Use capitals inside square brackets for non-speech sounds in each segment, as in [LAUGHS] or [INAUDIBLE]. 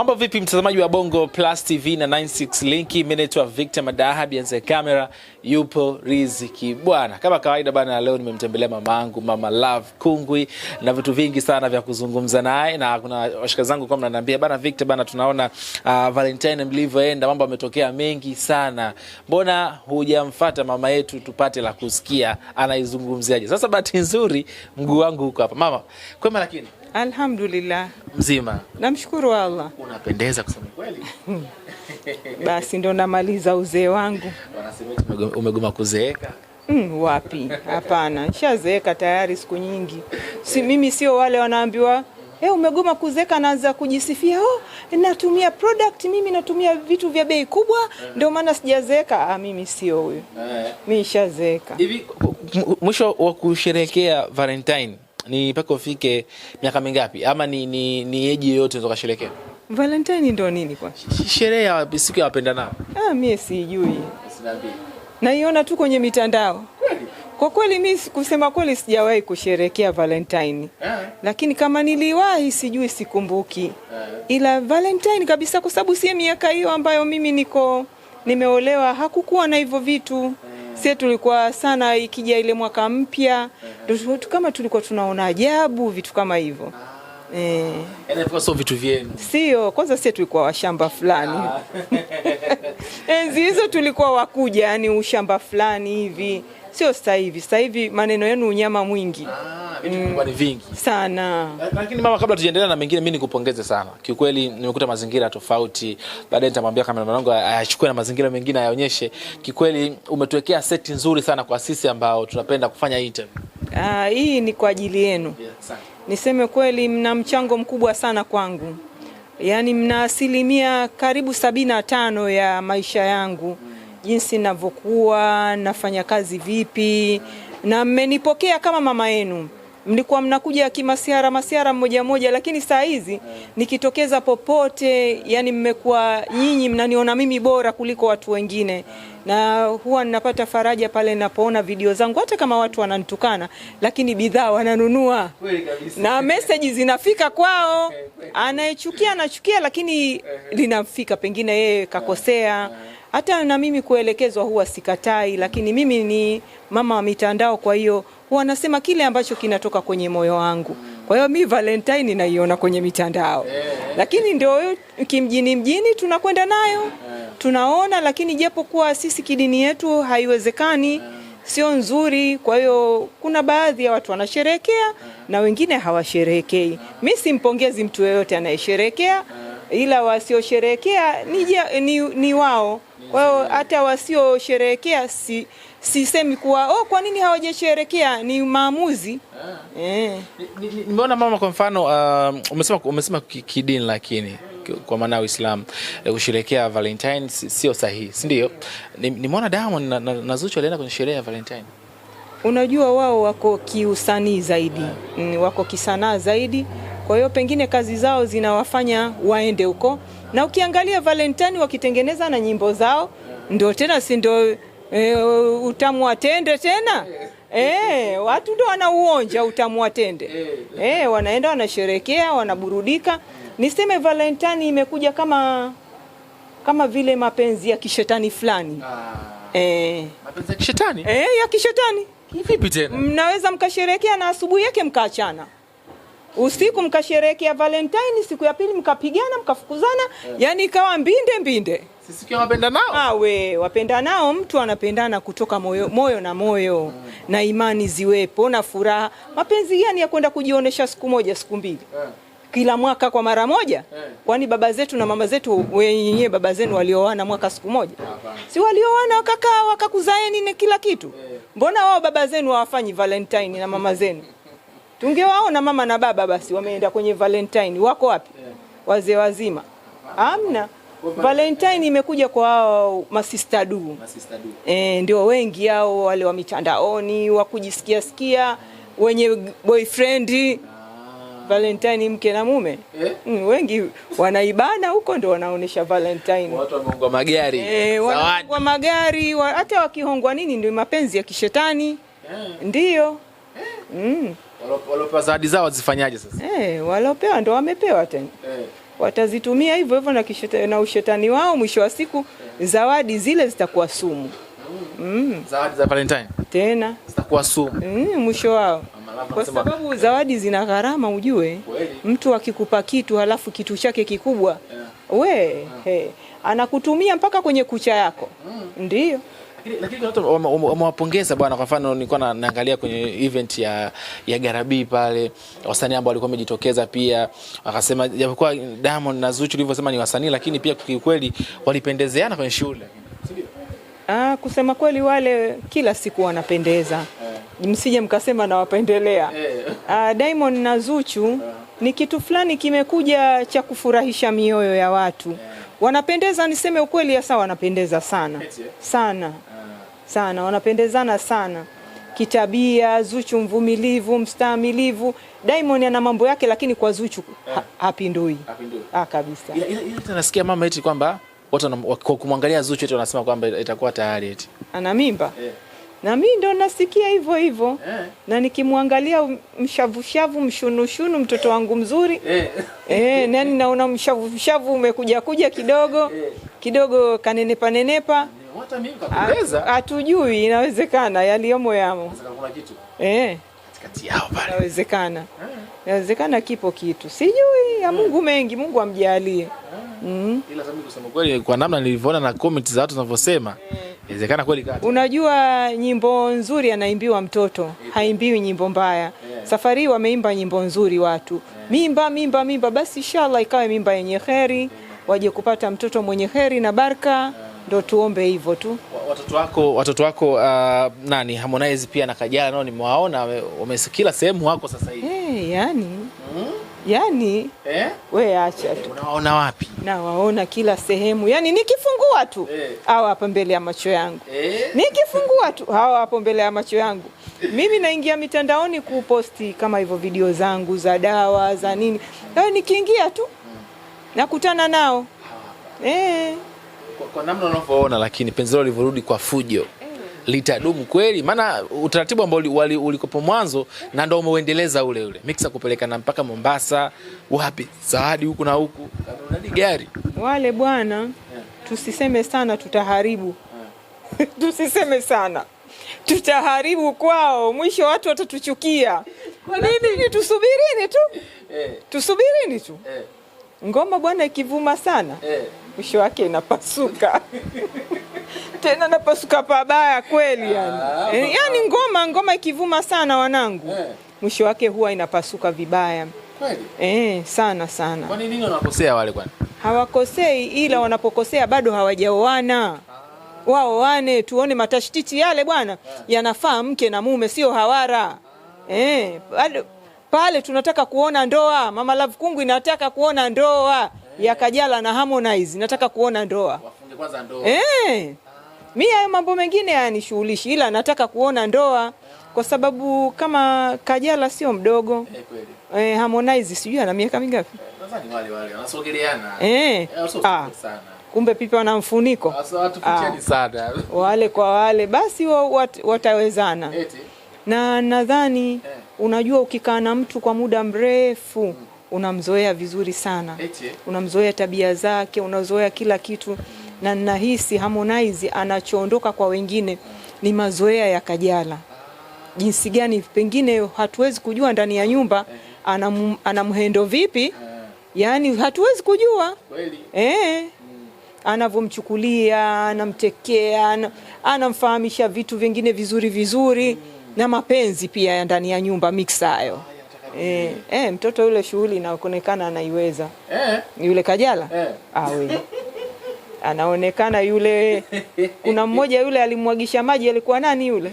Mambo vipi mtazamaji wa Bongo Plus TV na 96 linki mimi naitwa Victor Madaha bianze kamera, yupo Riziki bwana. Kama kawaida bana, leo nimemtembelea mamangu Mama Love Kungwi na vitu vingi sana vya kuzungumza naye, na kuna washika zangu kwa mnaniambia bana, Victor bana, tunaona uh, Valentine mlivyoenda mambo ametokea mengi sana, mbona hujamfuata mama yetu tupate la kusikia anaizungumziaje? Sasa bahati nzuri mguu wangu huko hapa mama, kwema lakini Alhamdulillah, mzima, namshukuru Allah. Unapendeza kusema kweli. [LAUGHS] Basi ndo namaliza uzee wangu. Wanasema umegoma kuzeeka. Mm, wapi? Hapana, nishazeeka tayari siku nyingi. Si, mimi sio wale wanaambiwa eh, umegoma kuzeeka, naanza kujisifia oh, natumia product mimi natumia vitu vya bei kubwa ndio maana sijazeeka. Ah, mimi sio huyo, eh. mimi nishazeeka. Hivi mwisho wa kusherehekea Valentine ni mpaka ufike miaka mingapi ama ni ni, ni eji yoyote unaweza kusherekea? Valentine ndo nini kwa? Sherehe ya siku ya wapendanao. Ah, mimi sijui. Naiona tu kwenye mitandao. Kwa kweli mi kusema kweli sijawahi kusherekea Valentine. Yeah. Lakini kama niliwahi sijui sikumbuki. Yeah. Ila Valentine kabisa kwa sababu si miaka hiyo ambayo mimi niko nimeolewa hakukuwa na hivyo vitu. Yeah sie tulikuwa sana, ikija ile mwaka mpya ndio kama tulikuwa tunaona ajabu vitu kama hivyo. Ah. Eh. Yaani vitu vyenu. Sio, kwanza sisi tulikuwa washamba fulani. Ah. [LAUGHS] Enzi hizo tulikuwa wakuja, yani ushamba fulani hivi sio sasa hivi. Sasa hivi maneno yenu unyama mwingi ah, mm, vingi sana. Lakini mama, kabla tujaendelea na mengine, mimi nikupongeze sana kiukweli. Nimekuta mazingira tofauti, baadaye nitamwambia kameraman wangu ayachukue na mazingira mengine ayaonyeshe. Kikweli umetuwekea seti nzuri sana kwa sisi ambao tunapenda kufanya interview. Ah, hii ni kwa ajili yenu. Niseme kweli, mna mchango mkubwa sana kwangu, yaani mna asilimia karibu sabini na tano ya maisha yangu mm jinsi ninavyokuwa nafanya kazi vipi, na mmenipokea kama mama yenu. Mlikuwa mnakuja kimasiara masiara mmoja mmoja, lakini saa hizi nikitokeza popote, yani mmekuwa nyinyi mnaniona mimi bora kuliko watu wengine, na huwa ninapata faraja pale ninapoona video zangu, hata kama watu wananitukana, lakini bidhaa wananunua na meseji zinafika kwao. Eh, Anayechukia anachukia, lakini eh. linamfika, pengine yeye kakosea. Eh. Hata na mimi kuelekezwa huwa sikatai, lakini mimi ni mama wa mitandao, kwa hiyo huwa nasema kile ambacho kinatoka kwenye moyo wangu. Kwa hiyo mi Valentine naiona kwenye mitandao, eh. lakini ndio kimjini mjini tunakwenda nayo eh. tunaona, lakini japo kuwa sisi kidini yetu haiwezekani, eh. sio nzuri. Kwa hiyo kuna baadhi ya watu wanasherehekea na wengine hawasherehekei. Mi simpongezi mtu yoyote anayesherehekea, ila wasiosherehekea ni, ni, ni wao kwa hiyo hata wasiosherehekea si sisemi kuwa oh, kwa nini hawajasherekea, ni maamuzi ah. Eh. Nimeona mama, kwa mfano um, umesema umesema kidini, lakini kwa maana ya Uislamu eh, kusherehekea Valentine sio sahihi, si ndio? Nimeona Diamond na, na, na Zuchu alienda kwenye sherehe ya Valentine. Unajua wao wako kiusanii zaidi ah. mm, Wako kisanaa zaidi kwa hiyo pengine kazi zao zinawafanya waende huko, na ukiangalia Valentine wakitengeneza na nyimbo zao ndio tena, si ndio? E, utamu wa tena tena eh. e, eh, watu ndio wanauonja utamu wa tende e, wanaenda wanasherekea, wanaburudika. Niseme Valentine imekuja kama kama vile mapenzi ya kishetani fulani e, mapenzi ya kishetani e, ya kishetani. Vipi tena mnaweza mkasherekea na asubuhi yake mkaachana usiku mkasherehekea Valentine, siku ya pili mkapigana mkafukuzana, eh. yani ikawa mbinde mbinde. Sisi wapenda nao awe ah, wapenda nao, mtu anapendana kutoka moyo, moyo na moyo mm. na imani ziwepo na furaha. Mapenzi gani ya kwenda kujionesha siku moja siku mbili yeah. kila mwaka kwa mara moja yeah. kwani baba zetu na mama zetu wenyewe, baba zenu walioana mwaka siku moja yeah. si walioana wakakaa wakakuzaeni na kila kitu yeah. mbona wao baba zenu hawafanyi Valentine na mama zenu? Tungewaona mama na baba basi wameenda kwenye Valentine, wako wapi? Wazee wazima amna Valentine imekuja kwa hao masistadu, du E, ndio wengi hao wale wa mitandaoni wa kujisikia sikia wenye boyfriend ah. Valentine mke na mume eh? Mm, wengi wanaibana huko ndo wanaonesha Valentine. Watu wameongwa magari. Eh, wanaongwa magari hata wa, wakihongwa nini ndio mapenzi ya kishetani. Yeah. Ndio Eh. Mm walopewa zawadi zao wazifanyaje sasa? Eh, walopewa ndo wamepewa tena eh. Watazitumia hivyo hivyo na, na ushetani wao. Mwisho wa siku eh, zawadi zile zitakuwa sumu mm. mm. Zawadi za Valentine tena zitakuwa sumu mm, mwisho wao ah, kwa sababu zawadi zina gharama ujue. Kweli. Mtu akikupa kitu halafu kitu chake kikubwa yeah. we yeah. Hey, anakutumia mpaka kwenye kucha yako mm. Ndiyo wamewapongeza bwana. Kwa mfano nilikuwa naangalia kwenye event ya ya Garabi pale, wasanii ambao walikuwa wamejitokeza pia wakasema, japokuwa Diamond na Zuchu ulivyosema ni wasanii, lakini pia kiukweli walipendezeana kwenye shule. Ah, kusema kweli wale kila siku wanapendeza eh. Msije mkasema nawapendelea yeah. Ah, Diamond na Zuchu eh. Ni kitu fulani kimekuja cha kufurahisha mioyo ya watu eh. Wanapendeza, niseme ukweli, hasa wanapendeza sana sana sana, wanapendezana sana kitabia. Zuchu mvumilivu, mstaamilivu. Diamond ana mambo yake, lakini kwa Zuchu ha eh. hapindui ah, kabisa. Nasikia mama eti kwamba watu kwa kumwangalia Zuchu eti wanasema kwamba itakuwa tayari eti ana mimba yeah na mimi ndo nasikia hivyo hivyo eh. Na nikimwangalia mshavushavu mshunushunu mtoto wangu mzuri eh. Eh, nani naona mshavushavu umekuja kuja kidogo eh. Kidogo kanenepa nenepa hatujui, inawezekana yaliyomo yamo eh. Inawezekana eh. inawezekana kipo kitu sijui ya eh. Mungu mengi, Mungu amjalie. Eh. Mm. Ila kusema kweli, kwa namna nilivyoona na comment za watu wanavyosema eh. Inawezekana kweli kaka. Unajua nyimbo nzuri anaimbiwa mtoto, haimbiwi nyimbo mbaya. Yeah. Safari wameimba nyimbo nzuri watu. Yeah. Mimba mimba mimba, basi inshallah ikawe mimba yenye kheri, waje kupata mtoto mwenye kheri na baraka. Yeah. Ndo tuombe hivyo tu. Watoto wako watoto wako uh, nani Harmonize pia na Kajala nao nimewaona wame, sehemu wako sasa hivi. hey, yani. Mm -hmm yani eh? We acha tu. Unawaona wapi? Nawaona kila sehemu, yani nikifungua tu eh, hawa hapa mbele ya macho yangu eh? Nikifungua tu hawa hapo mbele ya macho yangu. Mimi naingia mitandaoni kuposti kama hivyo video zangu za dawa za nini, ao nikiingia tu nakutana nao eh. Kwa, kwa namna unavyoona, lakini penzi leo kwa fujo litadumu kweli? Maana utaratibu ambao ulikopo mwanzo na ndio umeuendeleza ule ule, mixa kupeleka na mpaka Mombasa, wapi Zawadi huku na huku, unadi gari wale bwana Tusiseme sana tutaharibu [LAUGHS] Tusiseme sana tutaharibu kwao, mwisho watu watatuchukia. Kwa nini? Tusubirini tu eh. Tusubirini tu eh. Ngoma bwana ikivuma sana eh. Mwisho wake inapasuka [LAUGHS] [LAUGHS] tena napasuka pabaya kweli yani. Ah, eh, yani ngoma ngoma ikivuma sana wanangu eh, mwisho wake huwa inapasuka vibaya kweli eh, sana sana. Kwa nini wanakosea wale kwani? Hawakosei ila wanapokosea bado hawajaoana ah. waoane tuone matashtiti yale bwana, eh. yanafaa mke na mume, sio hawara ah. eh, bado pale tunataka kuona ndoa. Mama Love Kungu inataka kuona ndoa eh. ya Kajala na Harmonize, nataka kuona ndoa kwanza ndoa. Eh. Mi hayo mambo mengine yanishughulishi, ila nataka kuona ndoa kwa sababu kama Kajala sio mdogo eh, kweli eh, Harmonize sijui ana miaka mingapi eh, wale wale wanasogeleana eh, eh ah, kumbe pipa wana mfuniko ah, ah, sana wale kwa wale basi wat, watawezana Eti. na nadhani eh. Unajua, ukikaa na mtu kwa muda mrefu hmm. Unamzoea vizuri sana Eti. Unamzoea tabia zake, unazoea kila kitu hmm na ninahisi Harmonize anachoondoka kwa wengine ni mazoea ya Kajala. Jinsi gani pengine hatuwezi kujua ndani ya nyumba anam, anamhendo vipi, yaani hatuwezi kujua eh, anavyomchukulia anamtekea, anamfahamisha vitu vingine vizuri vizuri na mapenzi pia ya ndani ya nyumba mix hayo. Eh, eh, mtoto yule shughuli inaonekana anaiweza eh? yule Kajala eh. awe ah, anaonekana yule. Kuna [LAUGHS] mmoja yule alimwagisha maji, alikuwa nani yule?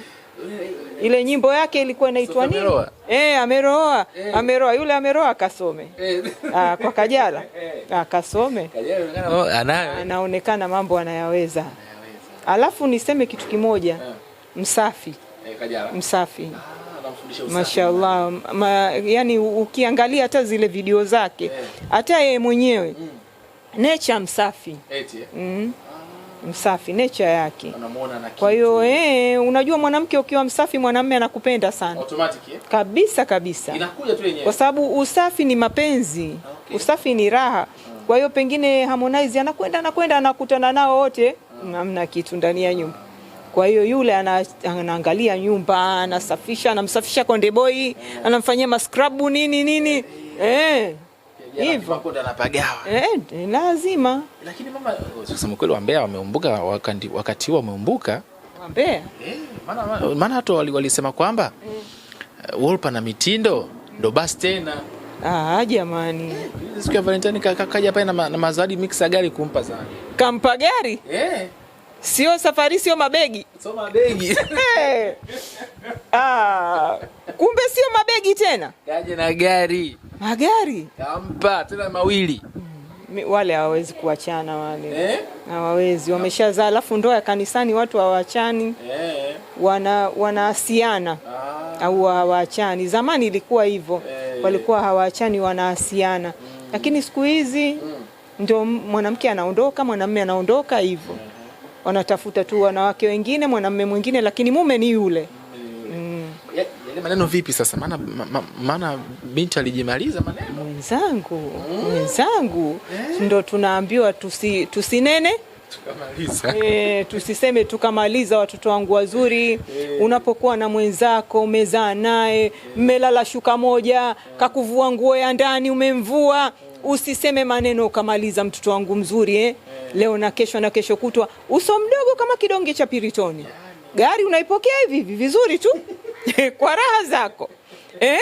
Ile nyimbo yake ilikuwa inaitwa nini? Eh, ameroa eh. ameroa, yule ameroa, kasome eh. ah, kwa Kajala ah, [LAUGHS] eh. kasome anaonekana mambo anayaweza. Alafu niseme kitu kimoja, msafi msafi ah, Mashaallah ma, yani ukiangalia hata zile video zake hata yeye mwenyewe mm nature msafi eti, mm. msafi nature yake anamuona na kitu. Kwa hiyo eh, unajua mwanamke ukiwa msafi mwanamume anakupenda sana automatic eh? kabisa kabisa, inakuja tu yenyewe, kwa sababu usafi ni mapenzi ah, okay. usafi ni raha ah. Kwa hiyo pengine Harmonize anakwenda anakwenda anakutana nao wote ah. hamna kitu ndani ya nyumba kwa hiyo yule anaangalia nyumba, anasafisha, anamsafisha Konde Boy, ah. anamfanyia maskrabu nini nini eh. eh. eh. Yaani hivyo eh, eh, lazima. Lakini mama, kusema oh, kweli, Wambea wameumbuka wakati huo wameumbuka Wambea eh, maana watu walisema kwamba eh, Wolper na mitindo ndo basi tena. Ah, jamani, eh, siku ya Valentine kakaja pale na, ma, na mazawadi mixa gari kumpa sana, kampa gari eh. Sio safari, sio mabegi, sio mabegi. [LAUGHS] Ah, kumbe sio mabegi tena, gaje na gari, magari kampa tena mawili. Mm, wale hawawezi kuachana wale eh? Hawawezi, wameshazaa. Alafu ndoa ya kanisani watu hawaachani eh. Wana wanaasiana ah. Au hawaachani. Zamani ilikuwa hivyo eh. Walikuwa hawaachani wanaasiana mm. Lakini siku hizi mm. Ndio mwanamke anaondoka mwanamume anaondoka hivyo eh wanatafuta tu wanawake wengine, mwanamume mwingine, lakini mume ni yule mm. maneno vipi sasa? Maana maana binti alijimaliza maneno, mwenzangu mm. mwenzangu, mm. Ndo tunaambiwa tusi, tusinene tukamaliza. [LAUGHS] E, tusiseme tukamaliza, watoto wangu wazuri e. Unapokuwa na mwenzako umezaa naye mmelala e. shuka moja, kakuvua nguo ya ndani umemvua, usiseme maneno ukamaliza, mtoto wangu mzuri eh leo na kesho na kesho kutwa, uso mdogo kama kidonge cha piritoni. Gari unaipokea hivi hivi vizuri tu [LAUGHS] kwa raha zako. E,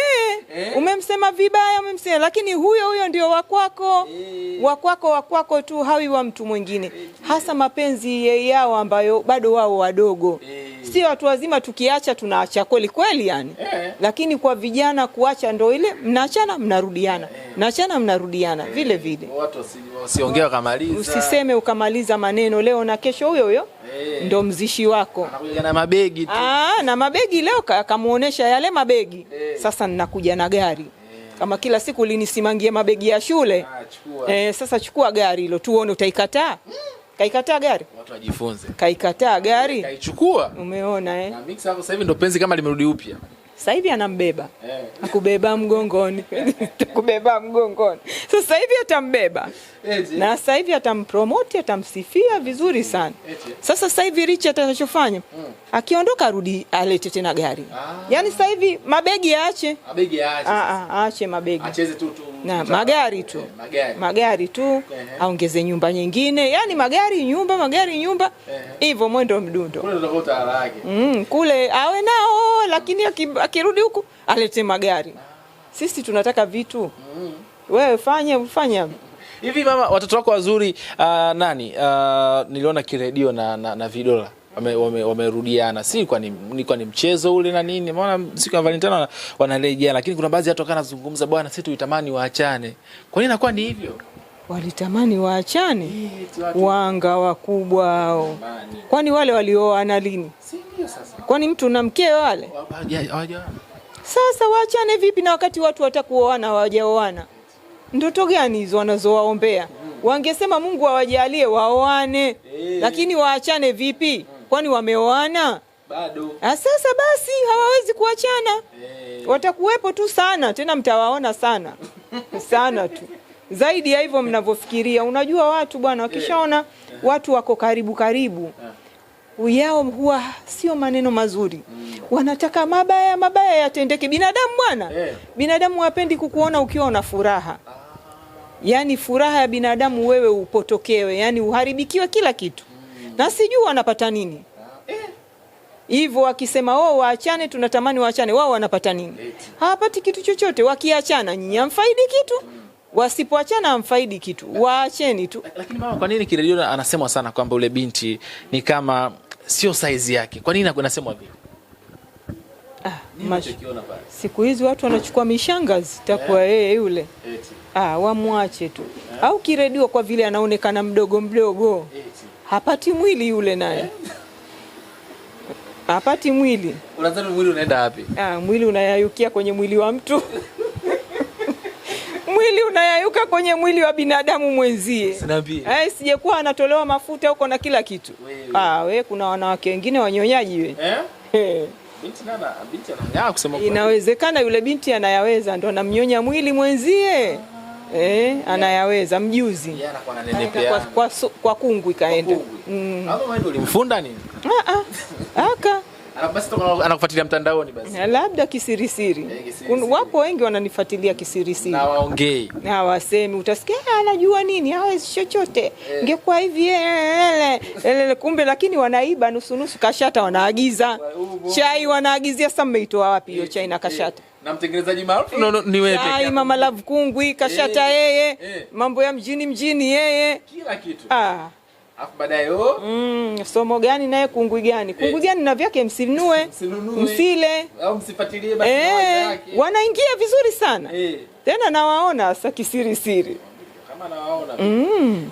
umemsema vibaya, umemsema lakini huyo huyo ndio wakwako eh. wakwako wakwako tu, hawi wa mtu mwingine, hasa mapenzi yao ambayo bado wao wadogo sisi watu wazima tukiacha tunaacha kweli kweli yani eh. Lakini kwa vijana kuacha ndo ile mnaachana mnarudiana eh. Naachana mnarudiana eh. Vile vile watu wasiongee usiseme ukamaliza maneno leo na kesho huyo huyo eh. Ndo mzishi wako na mabegi tu. Aa, ah, na mabegi leo akamuonesha yale mabegi eh. Sasa ninakuja na gari eh. kama kila siku linisimangie mabegi ya shule ah, chukua. Eh, sasa chukua gari hilo tuone utaikataa mm. Kaikataa gari? Watu wajifunze. Kaikataa gari? Kaichukua. Umeona eh? Na mix hapo sasa hivi ndo penzi kama limerudi upya. Sasa hivi anambeba eh. Akubeba mgongoni tukubeba [LAUGHS] mgongoni so, sasa hivi atambeba eti, na sasa hivi atampromote atamsifia vizuri mm. sana eti. sasa sasa hivi Richi atachofanya mm, Akiondoka arudi alete tena gari ah. Yaani sasa hivi mabegi aache, mabegi aache, ah, ah, aache mabegi acheze tu tu na magari tu eh, magari. magari tu eh. aongeze nyumba nyingine, yani magari nyumba magari nyumba eh. hivyo mwendo mdundo kule, mm, kule awe nao, lakini akirudi huku alete magari. Sisi tunataka vitu mm. Wewe fanya fanya hivi. Mama, watoto wako wazuri uh, nani uh, niliona kiredio na, na, na vidola wamerudiana wame si kwa ni, ni kwa ni mchezo ule na nini, maana siku ya Valentine wanarejea, lakini kuna baadhi ya watu wakawa nazungumza, bwana, sisi tulitamani waachane. Kwa nini inakuwa ni hivyo? Walitamani waachane wanga wakubwa hao, kwani wale walioana lini? Kwani mtu na mkee wale sasa waachane vipi? Na wakati watu watakuoana hawajaoana, ndoto gani hizo wanazowaombea? Wangesema Mungu awajalie waoane, eh. lakini waachane vipi? kwani wameoana? Bado. Ah, sasa basi hawawezi kuachana hey. Eh. Watakuwepo tu sana tena, mtawaona sana [LAUGHS] sana tu zaidi ya hivyo mnavyofikiria. Unajua watu bwana, wakishaona hey. Eh. watu wako karibu karibu eh. yao huwa sio maneno mazuri mm. Wanataka mabaya mabaya yatendeke. Binadamu bwana yeah. binadamu hapendi kukuona ukiwa una furaha ah. Yaani furaha ya binadamu wewe upotokewe, yaani uharibikiwe kila kitu na sijui wanapata nini eh. hivyo wakisema wao oh, waachane, tunatamani waachane, wao wanapata nini? Hawapati kitu chochote. Wakiachana nyinyi hamfaidi kitu, mm. wasipoachana amfaidi kitu, waacheni tu. Lakini mama, kwa nini kiredio anasemwa sana kwamba ule binti ni kama sio saizi yake? Kwa nini anasemwa vile? Ah, siku hizi watu wanachukua mishangazi takuwa eh. yeye yule. Ah, wamwache tu, eh. au kiredio kwa vile anaonekana mdogo mdogo hapati mwili yule naye hapati mwili. Unadhani mwili unaenda wapi? Ah, mwili unayayukia kwenye mwili wa mtu [LAUGHS] mwili unayayuka kwenye mwili wa binadamu mwenzie. Eh, sijekuwa anatolewa mafuta huko na kila kitu. We, ah, we kuna wanawake wengine wanyonyaji we. Eh? Hey. Eh. Binti nana, binti ah, Inawezekana yule binti anayaweza ndo anamnyonya mwili mwenzie. Ah eh, anayaweza mjuzi kwa, kwa, kwa kungwi kaenda mm. ulimfunda nini? Ah, ah. aka anakufuatilia mtandaoni basi, eh, labda kisirisiri. Eh, wapo wengi wananifuatilia kisirisiri, na waongei wasemi utasikia ah, anajua nini, hawezi chochote, eh. ngekuwa hivi ele kumbe lakini wanaiba nusunusu. Kashata wanaagiza chai, wanaagizia. Sasa mmeitoa wapi hiyo chai na kashata? na mtengenezaji maarufu no, no, ni wewe pekee yako. Mama Love Kungwi kashata e, yeye e. Mambo ya mjini mjini yeye kila kitu ah. Afu baadaye oh. Mm, somo gani naye kungwi gani eh. kungwi hey. gani na vyake msinunue msile au msifuatilie basi e. hey. Wanaingia vizuri sana e. Tena nawaona sasa kisiri siri kama nawaona mm.